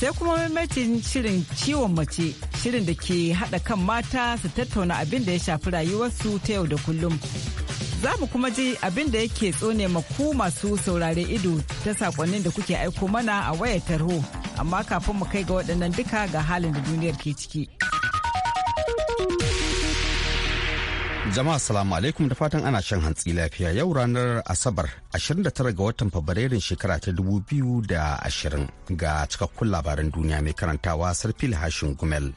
sai kuma mamacin shirin ciwon mace shirin da ke haɗa kan mata su tattauna abin da ya shafi rayuwarsu ta yau da kullum za mu kuma ji abin da yake tsone maku masu saurare ido ta saƙonnin da kuke aiko mana a wayar tarho amma kafin mu kai ga waɗannan duka ga halin da duniyar ke ciki. Jama'a salamu alaikum da fatan ana shan hantsi lafiya yau ranar Asabar 29 ga watan Fabrairun shekara ta 2020 ga cikakkun labaran duniya mai karantawa Sarfil Hashin Gumel.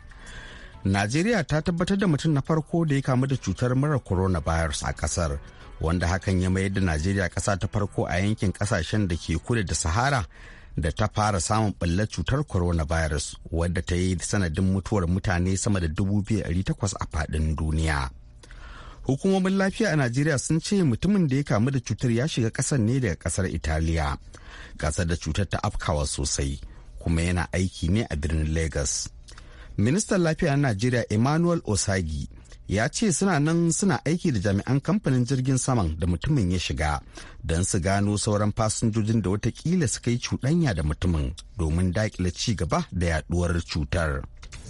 Najeriya ta tabbatar da mutum na farko da ya kamu da cutar mara coronavirus a kasar wanda hakan ya mayar da Najeriya kasa ta farko a yankin kasashen da ke kudu da Sahara da ta fara samun ɓallar cutar coronavirus wadda ta yi sanadin mutuwar mutane sama da 2,800 a faɗin duniya. hukumomin lafiya a najeriya sun ce mutumin da ya kamu da cutar ya shiga kasar ne daga kasar italiya gasar da cutar ta afkawa sosai kuma yana aiki ne a birnin Legas. ministan lafiya na najeriya emmanuel osagi ya ce suna nan suna aiki da jami'an kamfanin jirgin saman da mutumin ya shiga don su gano sauran fasinjojin da watakila suka yi cuɗanya da mutumin domin daƙile ci gaba da yaduwar cutar.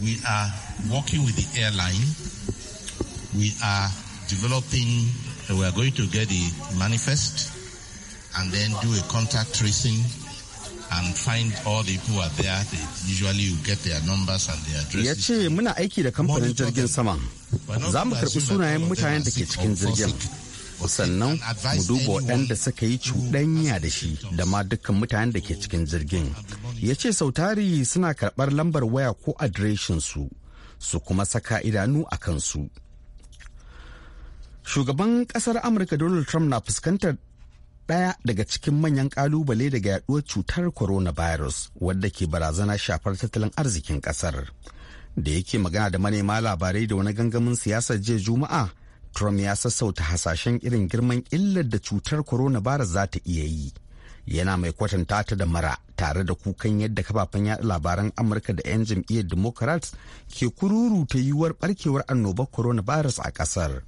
We are working with the airline. We are developing, uh, we are going to get the manifest and then do a contact tracing and find all the people are there. They usually you get their numbers and their addresses. Ya ce muna aiki da kamfanin jirgin sama. Za mu karɓi sunayen mutanen da ke cikin jirgin. sannan mu duba waɗanda suka yi cuɗanya da shi da ma dukkan mutanen da ke cikin jirgin ya ce sautari suna karɓar lambar waya ko adireshinsu su kuma saka idanu a kansu shugaban kasar amurka donald trump na fuskantar ɗaya daga cikin manyan ƙalubale daga yaduwar cutar coronavirus wadda ke barazana shafar tattalin arzikin ƙasar da yake magana da manema labarai da wani gangamin siyasar jiya juma'a trump ya sassauta hasashen irin girman illar da cutar coronavirus za ta iya yi yana mai kwatanta ta da mara tare da kukan yadda kafafen yada labaran amurka da 'yan jam'iyyar democrats ke kururu ta yiwuwar barkewar annobar coronavirus a kasar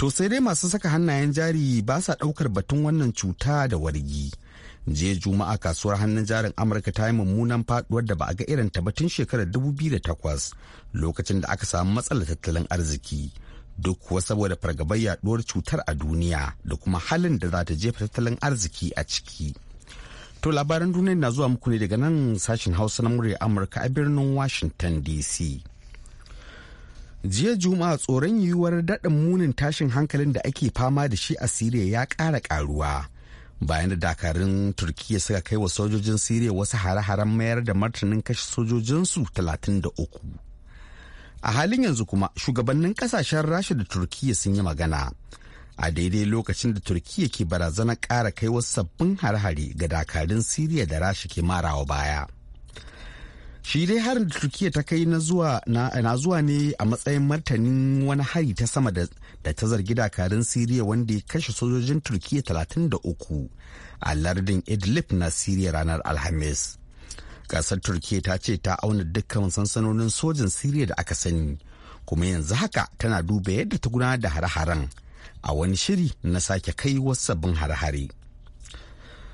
To sai dai masu saka hannayen jari ba sa ɗaukar batun wannan cuta da wargi. je Juma'a kasuwar hannun jarin Amurka ta yi mummunan faduwar da ba a ga irin ta tun shekarar 2008 lokacin da aka samu matsalar tattalin arziki. Duk kuwa saboda fargabar yaduwar cutar a duniya da kuma halin da za ta jefa tattalin arziki a ciki. To labaran duniya na zuwa muku ne daga nan sashen Hausa na murya Amurka a birnin Washington DC. jiya juma'a tsoron yiwuwar daɗin munin tashin hankalin da ake fama da shi a siriya ya ƙara ƙaruwa bayan da dakarun turkiya suka kai wa sojojin siriya wasu hare-haren mayar da martanin kashe sojojinsu 33 a halin yanzu kuma shugabannin kasashen rasha da turkiya sun yi magana a daidai lokacin da turkiya ke barazanar ƙara kai wasu sabbin hare-hare ga dakarun siriya da rasha ke marawa baya. shi dai harin da turkiya ta kai na zuwa ne a matsayin martanin wani hari ta sama da ta zargi dakarun siriya wanda ya kashe sojojin turkiya 33 a lardin idlib na siriya ranar alhamis kasar turkiya ta ce ta auna dukkan sansanonin sojin siriya da aka sani kuma yanzu haka tana duba yadda ta gudanar da hare-haren a wani shiri na sake kai wasu sabbin hare-hare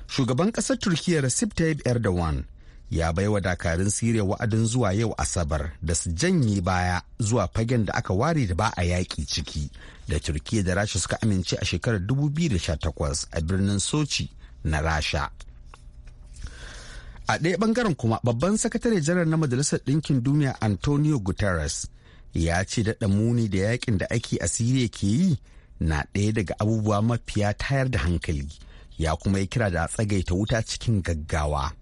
shugaban kasar turkiya recep tayyip erdogan ya baiwa dakarun siriya wa'adin zuwa yau asabar da su janye baya zuwa fagen da aka ware da ba a yaƙi ciki da turkiya da rasha suka amince a shekarar 2018 a birnin sochi na rasha a ɗaya bangaren kuma babban sakatare janar na majalisar ɗinkin duniya antonio guterres ya ce daɗa muni da yakin da ake a siriya ke yi na ɗaya daga abubuwa mafiya tayar da hankali ya kuma yi kira da tsagaita wuta cikin gaggawa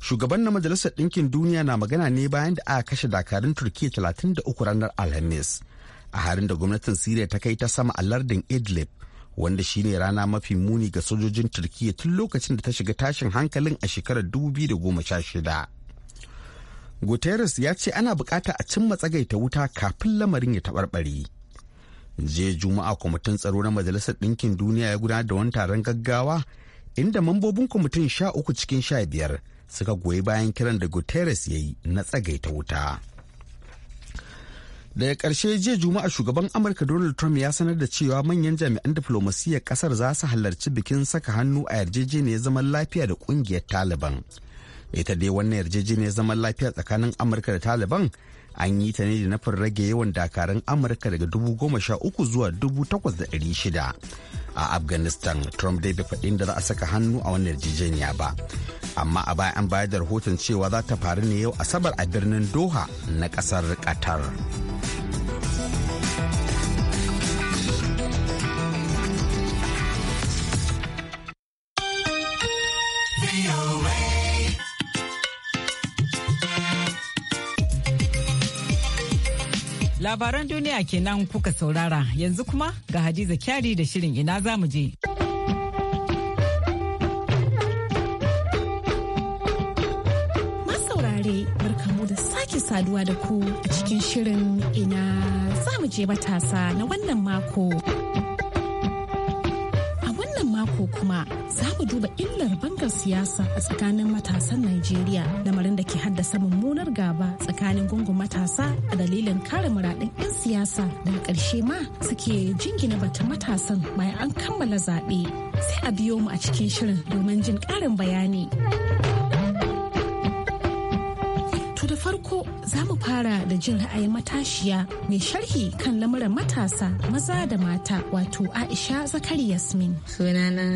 shugaban na majalisar ɗinkin duniya na magana ne bayan da aka kashe dakarun turkiya 33 ranar alhamis a harin da gwamnatin siriya ta kai ta sama a lardin idlib wanda shine rana mafi muni ga sojojin turkiya tun lokacin da ta shiga tashin hankalin a shekarar 2016 guterres ya ce ana bukata a cimma tsagaita wuta kafin lamarin ya taɓarɓare jiya juma'a kwamitin tsaro na majalisar ɗinkin duniya ya gudanar da wani taron gaggawa inda mambobin kwamitin sha uku cikin sha biyar suka goyi bayan kiran da guterres ya yi na tsagaita wuta daga ƙarshe jiya juma'a shugaban amurka donald trump ya sanar da cewa manyan jami'an diflomasiyyar ƙasar za su halarci bikin saka hannu a yarjejeniyar zaman lafiya da ƙungiyar taliban ita dai wannan yarjejeniyar zaman lafiya tsakanin amurka da taliban an yi ta ne da nufin rage yawan dakarun amurka daga dubu goma sha uku zuwa dubu takwas da ɗari shida a afghanistan trump dai bai faɗin da za a saka hannu a wannan yarjejeniya ba amma a baya an bayar da rahoton cewa za ta faru ne yau asabar a birnin doha na ƙasar qatar Labaran duniya kenan kuka saurara yanzu kuma ga Hadiza Kyari da shirin ina za mu je. Masaurare barkamu da sake saduwa da ku a cikin shirin ina za mu je matasa na wannan mako. kuma za mu duba illar bangar siyasa a tsakanin matasan Najeriya lamarin da ke haddasa mummunar gaba tsakanin gungun matasa a dalilin kare muradin 'yan siyasa da ƙarshe ma suke jingina batun matasan bayan an kammala zaɓe sai a biyo mu a cikin shirin domin jin ƙarin bayani. To da farko za mu fara da jin ra'ayin matashiya mai sharhi kan lamuran matasa maza da mata wato Aisha Zakari Yasmin. Sunana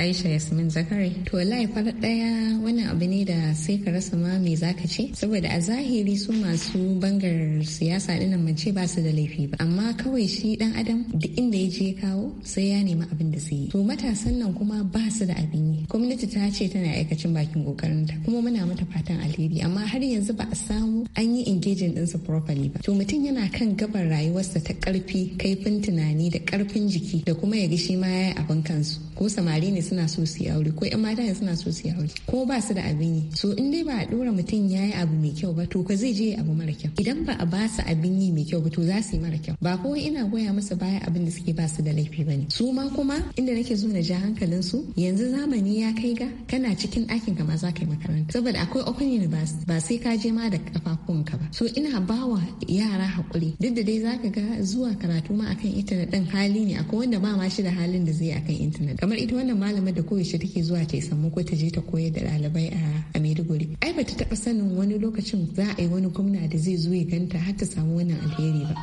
Aisha Yasmin Zakari. To lai fara daya wani abu ne da sai ka rasa ma me zaka ce saboda a zahiri su masu bangar siyasa dinnan mace ce ba su da laifi ba amma kawai shi dan adam duk inda ya je kawo sai ya nemi abin da zai yi. To matasan nan kuma ba su da abin yi. Gwamnati ta ce tana aikacin bakin kokarinta kuma muna mata fatan alheri amma har yanzu ba a samu an yi engaging ɗinsa properly ba to mutum yana kan gabar rayuwarsa ta karfi kaifin tunani da karfin jiki da kuma ya ga ma ya yi abin kansu ko samari ne suna so su yi aure ko yan mata ne suna so su yi aure ko ba su da abin yi so in dai ba a dora mutum ya yi abu mai kyau ba to ka zai je abu mara kyau idan ba a ba su abin yi mai kyau ba to za su yi mara kyau ba kawai ina goya masa baya abin da suke ba su da laifi ba ne su ma kuma inda nake so na ja hankalin su yanzu zamani ya kai ga kana cikin ɗakin ka ma za ka yi makaranta saboda akwai open university ba sai ka je ma da kafafun kanka ba so ina bawa yara hakuri duk da dai zaka ga zuwa karatu ma akan intanet ɗin hali ne akwai wanda ba ma shi da halin da zai akan intanet kamar ita wannan malamar da koyaushe take zuwa ta samu ko ta je ta koyar da ɗalibai a Maiduguri ai bata taɓa sanin wani lokacin za a yi wani gwamna da zai zo ya ganta har ta samu wannan alheri ba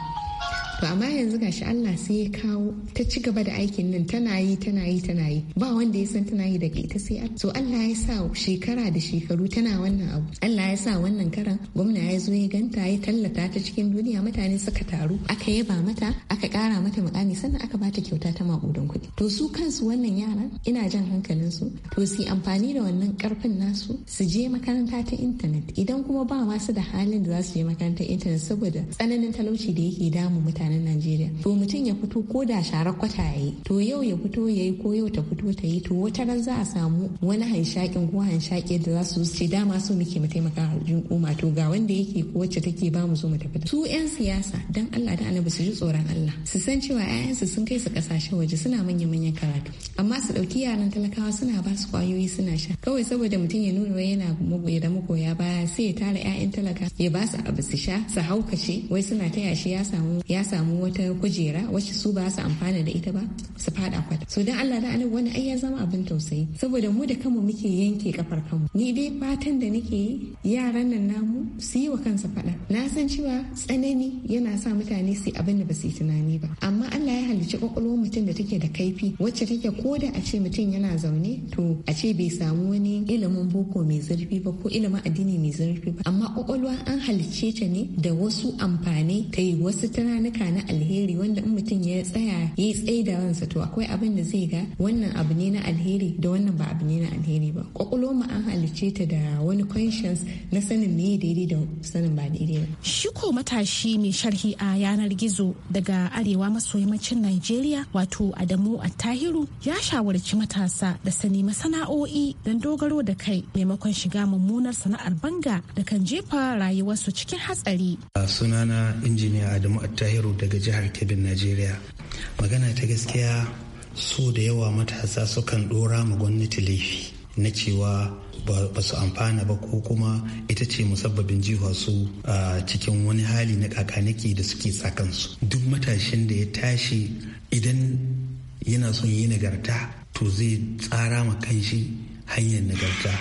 to amma yanzu gashi Allah sai ya kawo ta ci gaba da aikin nan tana yi tana yi tana yi ba wanda ya san tana yi daga ita sai so Allah ya sa shekara da shekaru tana wannan abu Allah ya sa wannan karan gwamna ya zo ya ganta ya tallata ta cikin duniya mutane suka taru aka yaba mata aka kara mata mukami sannan aka bata kyauta ta makudan kuɗi to su kansu wannan yaran ina jan hankalin su to su amfani da wannan karfin nasu su je makaranta ta intanet idan kuma ba su da halin da za su je makarantar intanet saboda tsananin talauci da yake damu mutane mutanen Najeriya. To mutum ya fito ko da sharar kwata ya to yau ya fito ya yi ko yau ta fito ta yi, to wata ran za a samu wani hanshakin ko hanshaƙe da za su ce dama so muke mu taimaka al'umma to ga wanda yake ko wacce take ba mu zo mu tafi. Su 'yan siyasa dan Allah da annabi su ji tsoron Allah su san cewa yayan su sun kai su kasashen waje suna manya-manyan karatu amma su ɗauki yaran talakawa suna ba su kwayoyi suna sha kawai saboda mutum ya nuna wai yana magoya da magoya baya sai ya tara 'ya'yan talaka ya ba su abu su sha su haukace wai suna ta yashi ya samu ya samu samu wata kujera wacce su ba su amfana da ita ba su fada kwata so dan Allah da wani ai ya zama abin tausayi saboda mu da kanmu muke yanke kafar kanmu ni dai fatan da nake yi yaran nan namu su yi wa kansa fada na san cewa tsanani yana sa mutane su abin da ba su yi tunani ba amma Allah ya halicci kwakwalwar mutum da take da kaifi wacce take koda a ce mutum yana zaune to a ce bai samu wani ilimin boko mai zurfi ba ko ilimin addini mai zurfi ba amma kwakwalwa an halicce ta ne da wasu amfani ta yi wasu tunanuka na alheri wanda in mutum ya tsaya ya yi ransa to akwai abin da zai ga wannan abu ne na alheri da wannan ba abu ne na alheri ba kwakwalwa mu an halicce ta da wani conscience na sanin me daidai da sanin ba daidai ba shiko matashi mai sharhi a yanar gizo daga arewa maso yammacin Najeriya wato Adamu Attahiru ya shawarci matasa da sani masana'o'i don dogaro da kai maimakon shiga mummunar sana'ar banga da kan jefa rayuwarsu cikin hatsari sunana injiniya Adamu Attahiru daga jihar Kebbi, Najeriya. Magana ta gaskiya so da yawa matasa sukan ɗora ma gwamnati laifi na cewa ba su amfana ba ko kuma ita ce musabbabin jiwa su a cikin wani hali na kakaniki da suke tsakansu duk matashin da ya tashi idan yana son yi nagarta to zai tsara ma kanshi hanyar nagarta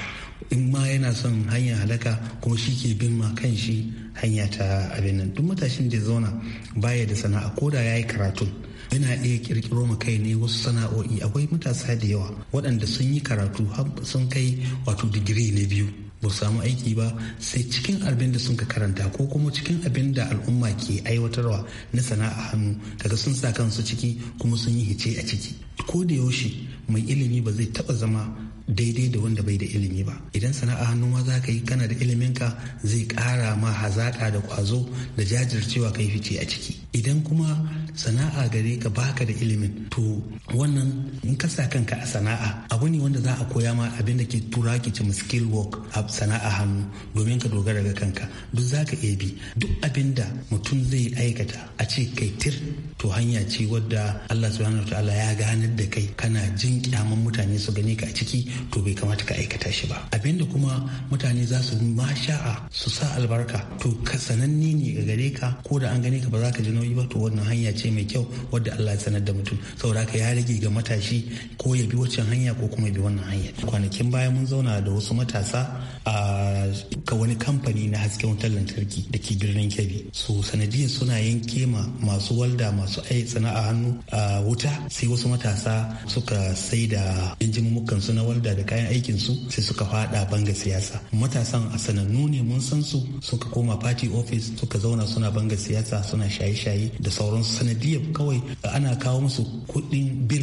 in ma yana son hanyar halaka kuma shi ke bin ma kan shi hanya ta abin nan duk matashin da zauna baya da sana'a ko da ya yi karatu yana iya kirkiro ma kai ne wasu sana'o'i akwai matasa da yawa waɗanda sun yi karatu sun kai wato digiri na biyu ba samu aiki ba sai cikin abin da sun ka karanta ko kuma cikin abin da al'umma ke aiwatarwa na sana'a hannu kaga sun sa kansu ciki kuma sun yi hice a ciki ko da yaushe mai ilimi ba zai taba zama daidai da wanda bai da ilimi ba idan sana'a hannu ma za ka yi kana da ilimin ka zai kara ma hazaka da kwazo da jajircewa kai fice a ciki idan kuma sana'a gare ka baka da ilimin to wannan in ka sa kanka a sana'a abu ne wanda za a koya ma abin da ke tura ki ce skill work a sana'a hannu domin ka dogara ga kanka duk za ka iya bi duk abin da mutum zai aikata a ce kai tir to hanya ce wadda Allah subhanahu wa ta'ala ya ganar da kai kana jin kyaman mutane su gani ka a ciki to bai kamata ka aikata shi ba abinda kuma mutane za su masha'a su sa albarka to ka sananne ne ga gare ka ko da an gane ka ba za ka ji nauyi ba to wannan hanya ce mai kyau wadda Allah ya sanar da mutum saboda ka ya rage ga matashi ko ya bi waccan hanya ko kuma ya bi wannan hanya kwanakin baya mun zauna da wasu matasa a ka wani kamfani na hasken wutar lantarki da ke birnin Kebbi su sanadiyar suna yanke ma masu walda masu ai sana'a hannu a wuta sai wasu matasa suka sai da injin mukan su na walda hoda da kayan aikin su sai suka fada banga siyasa matasan a sanannu ne mun san su suka koma party office suka zauna suna banga siyasa suna shaye-shaye da sauran sanadiyar kawai ana kawo musu kuɗin bil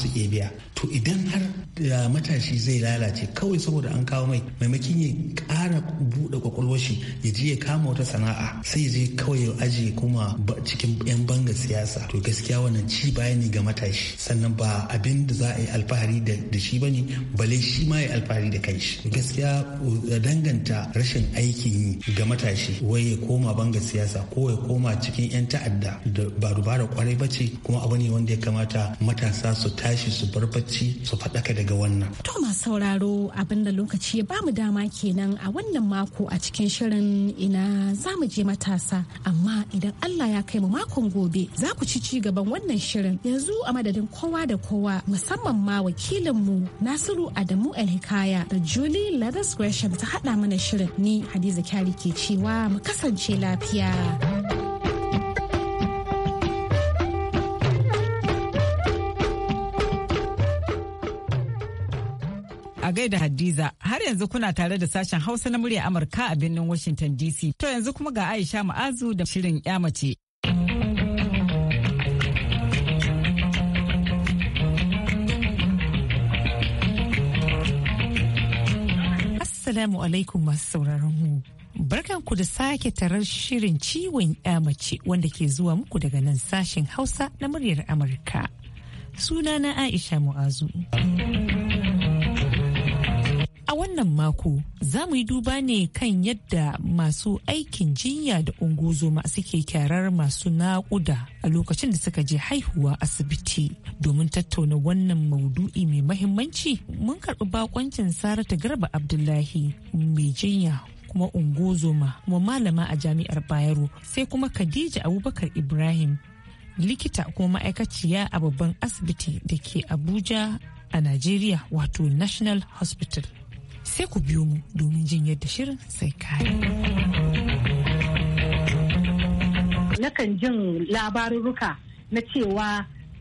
su iya biya to idan har da eh, matashi zai lalace kawai saboda an kawo mai maimakin ya kara buɗe kwakwalwar shi ya je ya kama wata sana'a sai ya je kawai ya ajiye kuma cikin 'yan banga siyasa to gaskiya wannan ci baya ne ga matashi sannan ba abin da za a yi alfahari da shi bane bale shi ma ya alfahari da kai shi gaskiya eh, danganta rashin aikin yi ga matashi wai ya koma banga siyasa ko ya koma cikin 'yan ta'adda da ba dubara kwarai ba ce kuma abu ne wanda ya kamata matasa su ta tashi su bar bacci su faɗaka daga wannan. To masu sauraro abin da lokaci ya bamu dama kenan a wannan mako a cikin shirin ina za mu je matasa amma idan Allah ya kai mu makon gobe za ku ci ci gaban wannan shirin yanzu a madadin kowa da kowa musamman ma wakilin mu Nasiru Adamu Alhikaya da juli Ladas Gresham ta haɗa mana shirin ni Hadiza Kyari ke cewa mu kasance lafiya. gaida Hadiza har yanzu kuna tare da sashen Hausa na murya Amurka a birnin Washington DC. To yanzu kuma ga Aisha Ma'azu da shirin 'ya mace. Assalamu alaikum masu sauraron mu. Barkanku da sake tarar shirin ciwon ya mace wanda ke zuwa muku daga nan sashen Hausa na muryar Amurka. Sunana Aisha Mu'azu. wannan mako za mu yi duba ne kan yadda masu aikin jinya da unguzoma suke kyarar masu naƙuda a lokacin da suka je haihuwa asibiti. Domin tattauna wannan maudu'i mai mahimmanci mun karɓi bakoncin sarata Garba Abdullahi mai jinya kuma ungozoma kuma malama a jami'ar Bayero sai kuma Khadija Abubakar Ibrahim likita kuma ma'aikaciya a babban asibiti da ke Abuja a Najeriya wato National Hospital. sai ku biyo mu domin jin yadda shirin sai kare. Nakan jin labarurruka na cewa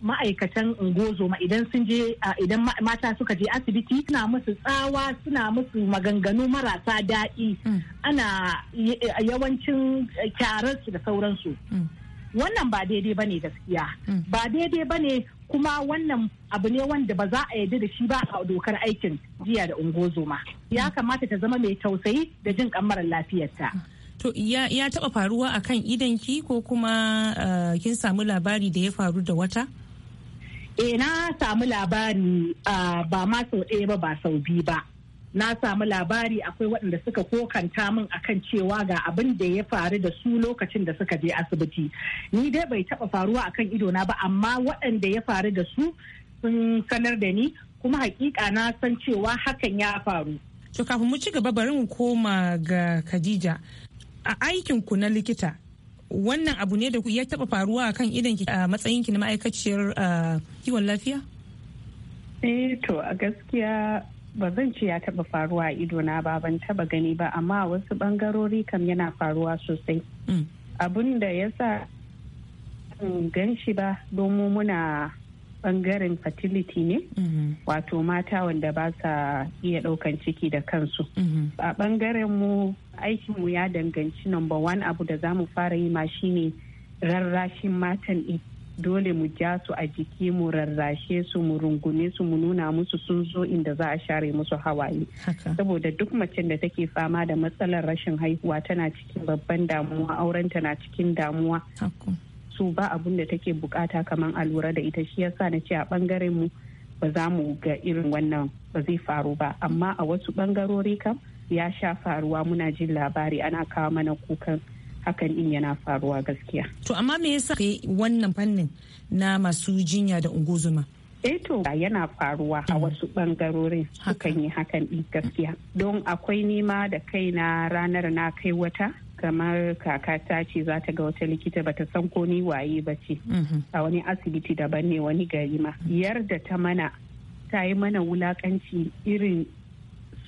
ma'aikatan ungozoma idan sun je idan mata suka je asibiti suna musu tsawa suna musu maganganu marasa daɗi mm. ana yawancin eh, kyararsu da sauransu mm. wannan ba daidai ba ne gaskiya mm. ba daidai ba ne kuma wannan abu ne wanda ba za a yarda da shi ba a dokar aikin jiya da ungozoma ya mm. kamata ta zama mai tausayi da jin kamarar lafiyarta mm. to ya, taɓa taba faruwa kan idanki ko kuma eh, kin samu labari da ya faru da wata eh na samu labari eh, ba ma sau ɗaya ba ba sau biyu ba na samu labari akwai waɗanda suka kokanta min akan cewa ga abin da ya faru da su lokacin da suka je asibiti ni dai bai taɓa faruwa akan ido na ba amma waɗanda ya faru da su sun sanar da ni kuma hakika na san cewa hakan ya faru to kafin mu ci gaba bari mu koma ga Khadija a aikin ku na likita wannan abu ne da ku ya taɓa faruwa akan idan a matsayin ki na ma'aikaciyar ah, kiwon lafiya eh to a gaskiya ba zan ce ya taba faruwa a idona ba ban taba gani ba amma wasu bangarori kam yana faruwa sosai mm. abun da ya sa gan shi ba domin muna bangaren fertility ne mm-hmm. wato mata wanda ba sa iya daukan ciki da kansu mm-hmm. a bangaren mu aikin mu ya danganci number one abu da zamu fara yi ma shine rarrashin matan dole mu ja su a jiki mu rarrashe su mu rungume su mu nuna musu sun zo inda za a share musu hawaye saboda duk macen da take fama da matsalar rashin haihuwa tana cikin babban damuwa aurenta na cikin damuwa su ba abun da take bukata kamar a lura da ita shi yasa na ce a bangaren mu ba za mu ga irin wannan ba zai faru ba amma a wasu bangarori kam ya sha faruwa muna jin labari ana kawo mana kukan hakan din yana faruwa gaskiya to amma me yasa wannan fannin na masu jinya da unguzuma eto eh yana faruwa a hmm. wasu bangarorin sukan yi hakan din gaskiya don akwai nima da kaina ranar na kai wata kamar ta ce za ta ga wata likita bata san ko ni waye ba ce mhm. a wani asibiti daban ne wani gari ma yarda ta mana ta yi mana wulakanci irin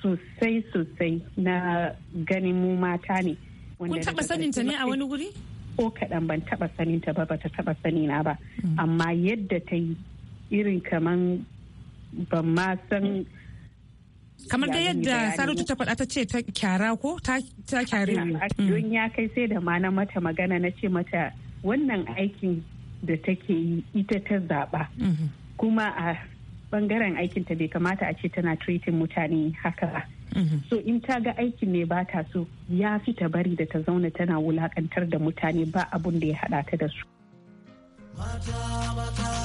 sosai sosai na ganin mu mata ne kun taba sanin ta ne a wani guri ko kaɗan ban taba sanin ta ba bata taba sani na ba mm. amma yadda ta yi irin kaman ban ma san kamar da yadda saratu ta faɗa ta ce ta kyara ko ta kyare mm. don ya kai sai da ma na mata magana na ce mata wannan aikin da take yi ita ta zaɓa mm-hmm. kuma a bangaren aikinta bai kamata a ce tana treating mutane haka so in ta ga aikin ne ba ta so ya fi ta bari da ta zauna tana wulaƙantar da mutane ba abun da ya haɗa ta da su mata mata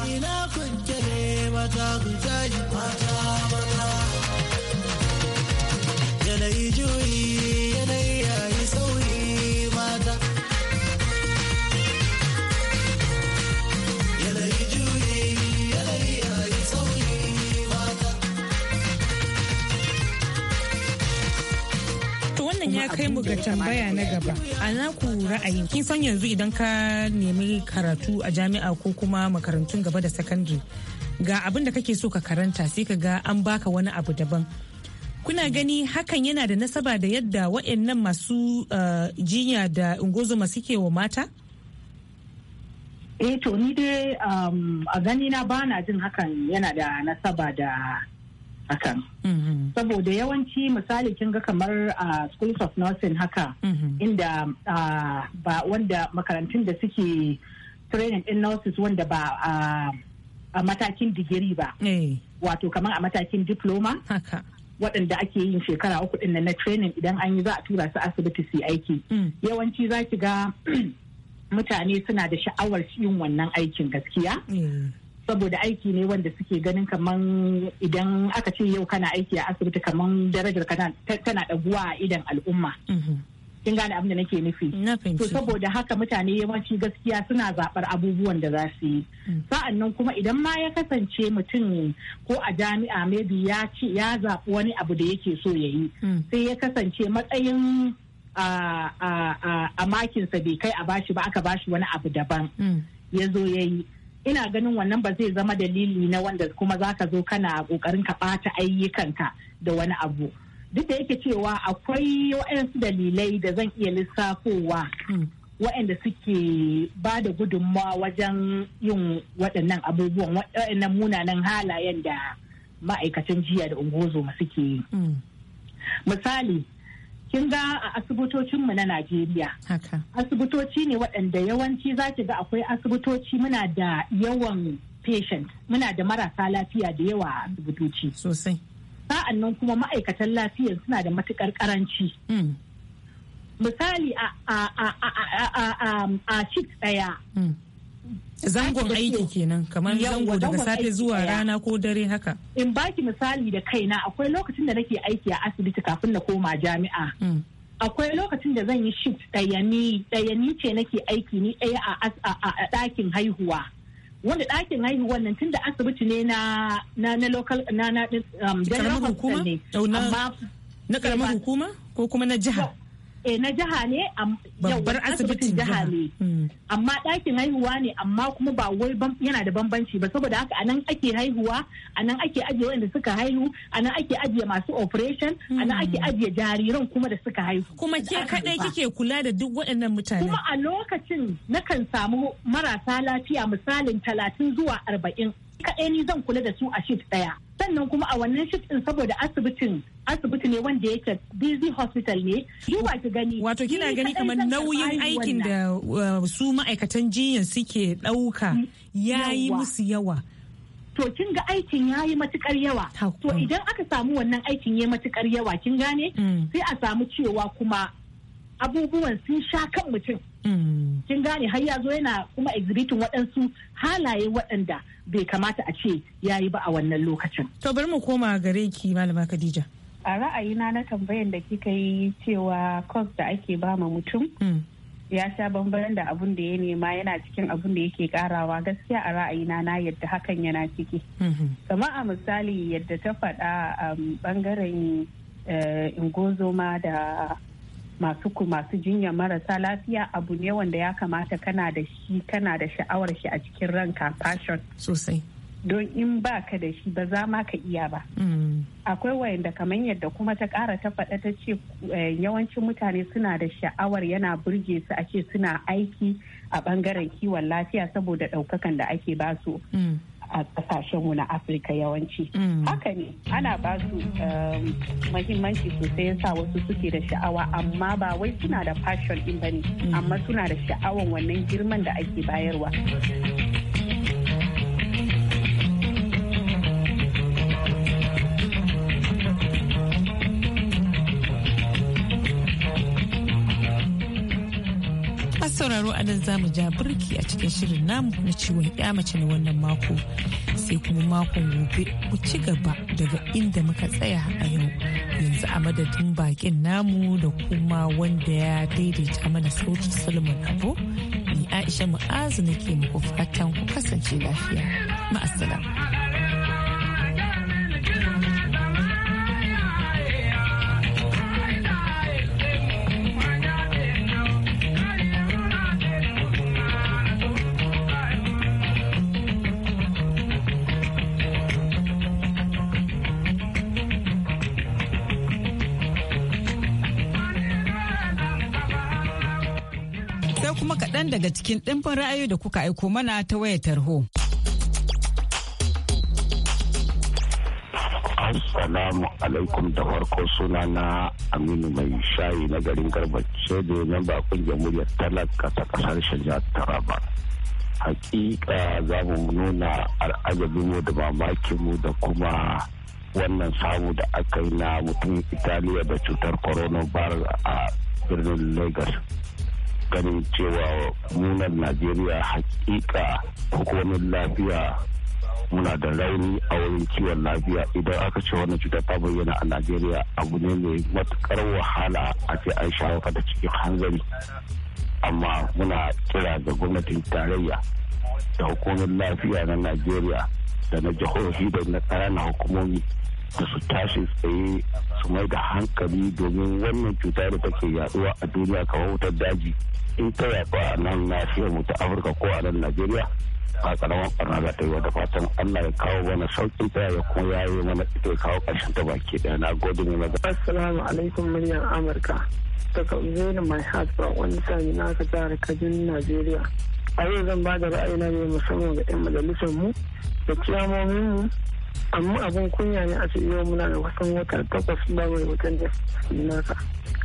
wannan ya kai mu ga tambaya na gaba a naku ra'ayin kin san yanzu idan ka nemi karatu a jami'a ko kuma makarantun gaba da sakandare ga abin da kake so ka karanta sai ka ga an baka wani abu daban kuna gani hakan yana da nasaba da yadda wa'annan masu eh, jinya da ungozoma suke wa mata eh to ni dai um, a gani na bana jin hakan yana da nasaba da hakan. Mm-hmm. Saboda yawanci misali kin ga kamar a schools of nursing haka mm-hmm. inda ba wanda makarantun da suke training in nurses wanda ba a matakin digiri ba. Eh. Wato kamar a matakin diploma. waɗanda ake yin shekara uku ɗin na training idan an yi za a tura su asibiti su aiki. Mm. Yawanci za ki ga mutane suna da sha'awar yin wannan aikin gaskiya. Eh. saboda aiki ne wanda suke ganin kaman idan aka ce yau kana aiki a asibiti kaman darajar tana ɗaguwa a idan al'umma mhm. kin gane abin da nake nufi to saboda haka mutane yawanci gaskiya suna zabar abubuwan da za su yi mm. sa'annan kuma idan ma ya kasance mutum ko a jami'a maybe ya ci ya zaɓi wani abu da yake so ya yi mm. sai ya kasance matsayin a makinsa bai kai a bashi ba aka bashi wani abu daban mm. ya zo ya yi ina ganin wannan ba zai zama dalili na wanda kuma za ka zo kana kokarin ka bata ayyukanka da wani abu duk da yake cewa akwai waɗansu dalilai da zan iya lissafowa hmm. waɗanda suke ba da gudunmawa wajen yin waɗannan abubuwan waɗannan munanan halayen da ma'aikatan jiya da ungozoma suke yi hmm. misali kin ga a asibitocinmu na Najeriya. Asibitoci ne waɗanda yawanci zaki ga akwai asibitoci muna da yawan patient muna da marasa lafiya da yawa a asibitoci. Sosai. Sa'an nan kuma ma'aikatan lafiya suna da matukar karanci. Misali a a a a a a zangon aiki kenan kamar zango daga safe zuwa rana ko dare haka in baki misali da kaina akwai lokacin da nake aiki a asibiti kafin na koma jami'a hmm. akwai lokacin da zan yi shift dayani dayani ce nake aiki ni ɗaya a ɗakin haihuwa wanda ɗakin haihuwan nan tunda asibiti ne na na na local na na um, amma na karamar hukuma ko kuma na jiha e na jiha ne babbar asibitin jiha ne hmm. amma ɗakin haihuwa ne amma kuma ba wai yana da bambanci ba saboda haka anan ake haihuwa anan ake ajiye wanda suka haihu anan ake ajiye masu operation anan ake hmm. ajiye jariran kuma da suka haihu kuma ke kadai kike kula da duk waɗannan mutane kuma a lokacin nakan samu marasa lafiya misalin talatin zuwa arba'in kaɗai ni zan kula da su a shift ɗaya sannan kuma a wannan shift ɗin saboda asibitin asibiti ne wanda yake busy hospital ne ba ki gani wato kina gani kamar nauyin aikin da uh, su ma'aikatan jinyar suke ɗauka mm, ya yi musu yawa to kin ga aikin ya yi matukar yawa to idan aka samu wannan aikin ya yi matukar yawa kin gane mm. sai a samu cewa kuma abubuwan sun sha kan mutum mm. kin gane har ya zo yana kuma exhibiting waɗansu halaye waɗanda bai kamata a ce ya yi ba a wannan lokacin. To bari mu koma gare ki malama Khadija. A ra'ayina na tambayan da kika yi cewa kos da ake ba ma mutum hmm. ya sha bambaran da abun da ya nema yana cikin abun da yake karawa gaskiya a ra'ayina na yadda hakan yana ciki. Hmm. Kama a misali yadda ta faɗa bangaren um, ingozoma eh, da masu ku masu jinya marasa lafiya abu ne wanda ya kamata kana da shi kana da sha'awar shi a cikin ranka passion sosai don in ba ka da shi ba za ma ka iya ba mm. akwai wayanda kamar yadda kuma ta kara ta faɗa ta ce eh, yawancin mutane suna da sha'awar yana burge su a ce suna aiki a bangaren kiwon lafiya saboda ɗaukakan da ake basu mm. a kasashenmu na afirka yawanci mm. haka ne ana ba su um, mahimmanci sosai yasa wasu suke da sha'awa amma ba wai suna da fashion din ne mm. amma suna da sha'awan wannan girman da ake bayarwa sauraro a nan zamu ja birki a cikin shirin namu na ciwon ya mace na wannan mako sai kuma makon gobe ku ci gaba daga inda muka tsaya a yau yanzu a madadin bakin namu da kuma wanda ya daidaita mana sautin solomon abu ni aisha mu'azu nake muku fatan ku kasance lafiya ma'asala. daga cikin ɗimbin ra'ayoyi da kuka aiko mana ta wayar tarho. Assalamu alaikum da farko suna na Aminu mai shayi na garin garbace da ba kungiyar muryar talaka ta kasar Shanja Taraba. Hakika za mu nuna al'ajabinmu da mu da kuma wannan samu da aka yi na mutum Italiya da cutar coronavirus a birnin Lagos. ganin cewa munan najeriya hakika hukumomin lafiya muna da rauni a wurin kiwon lafiya idan aka ce wannan cutar ta bayyana a najeriya abu ne mai matukar wahala a ce an shawo ta cikin hanzari amma muna kira ga gwamnatin tarayya da hukumomin lafiya na najeriya da na jihohi da na ƙananan hukumomi da su tashi tsaye su mai da hankali domin wannan cuta da take yaduwa a duniya kamar wutar daji in ta yaba a nan nafiyar mu ta afirka ko a nan najeriya a karamar barna za ta yi wata fatan allah ya kawo mana saukin ta ya kuma yi mana ita ya kawo ƙarshen ta baki ɗaya na gode na magana. assalamu alaikum muryar amurka daga my mai ba wani sami ka jihar kaduna najeriya a yau zan ba da ra'ayina ne musamman ga 'yan majalisar mu da kiyamomin mu amma abin kunya ne a ce yau muna da kusan wata takwas ba mai wutan da nasa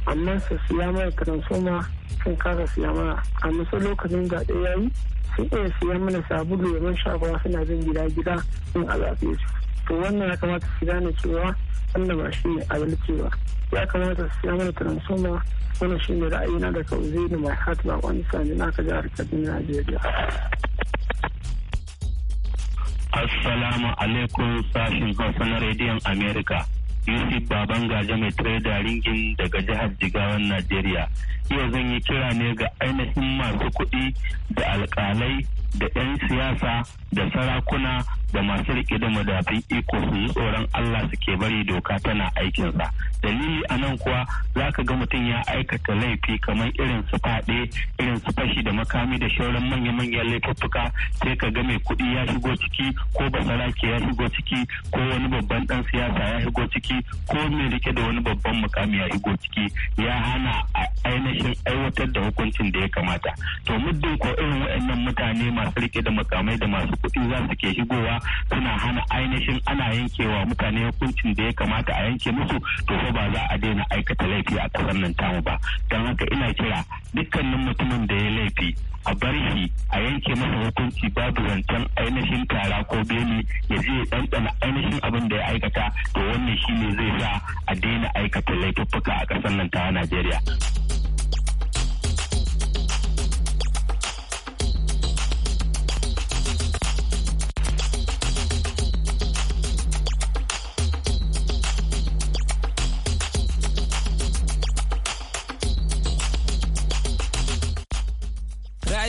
amma su siya mana transformer sun kasa siya mana a musu lokacin da ɗaya yi sun iya siya mana sabulu ya man shafawa suna jin gida gida sun alafiya su to wannan ya kamata su gane cewa wanda ba shi ne adalci ba ya kamata su siya mana transformer wani shi ne ra'ayina daga uzeni mai hatima wani sani na jihar kaduna najeriya Assalamu alaikum sashin Hausa na rediyon Amerika. Yusuf Baban Gaja mai da ringin daga jihar Jigawan Najeriya. Yau zan yi kira ne ga ainihin masu kuɗi da alƙalai da 'yan siyasa da sarakuna da masu rike da madafin iko su tsoron Allah suke bari doka tana aikinsa. Dalili a nan kuwa za ka ga mutum ya aikata laifi kamar irin su faɗe, irin su fashi da makami da shauran manya-manyan laifuffuka sai ka ga mai kuɗi ya shigo ciki ko basarake ya shigo ciki ko wani babban ɗan siyasa ya shigo ciki ko mai rike da wani babban mukami ya shigo ciki ya hana ainihin aiwatar da hukuncin da ya kamata. To muddin ko irin waɗannan mutane masu rike da makamai da masu kuɗi za su ke shigowa suna hana ainihin ana yankewa mutane hukuncin da ya kamata a yanke musu to fa ba za a daina aikata laifi a ƙasar nan tamu ba don haka ina kira dukkanin mutumin da ya laifi a bar shi a yanke masa hukunci babu zancen ainihin tara ko beni ya je ya ɗanɗana ainihin abin da ya aikata to wannan shi ne zai sa a daina aikata laifuffuka a ƙasar nan ta Najeriya.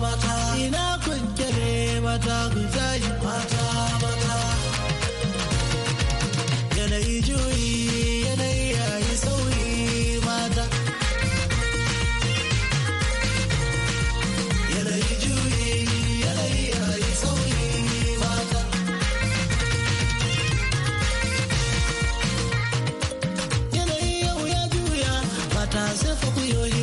mata ina kunkere mata ku tashi mata mata yanayi juyi yanayi yayi sauyi mata yanayi juyi yanayi yayi sauyi mata yanayi yau ya juya mata sai fa ku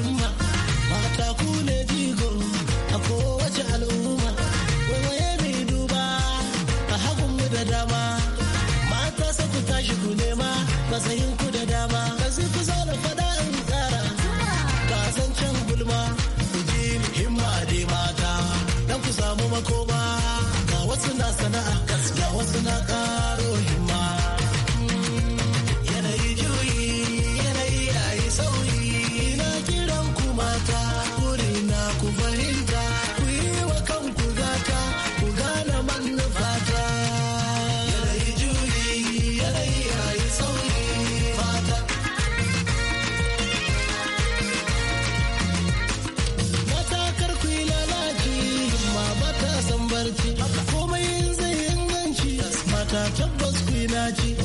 matsayin ku da dama kan sai ku zo da fada in kara ba can gulma ku ji muhimma himma dai mata dan ku samu makoma ga wasu na sana'a ga wasu na karo energy.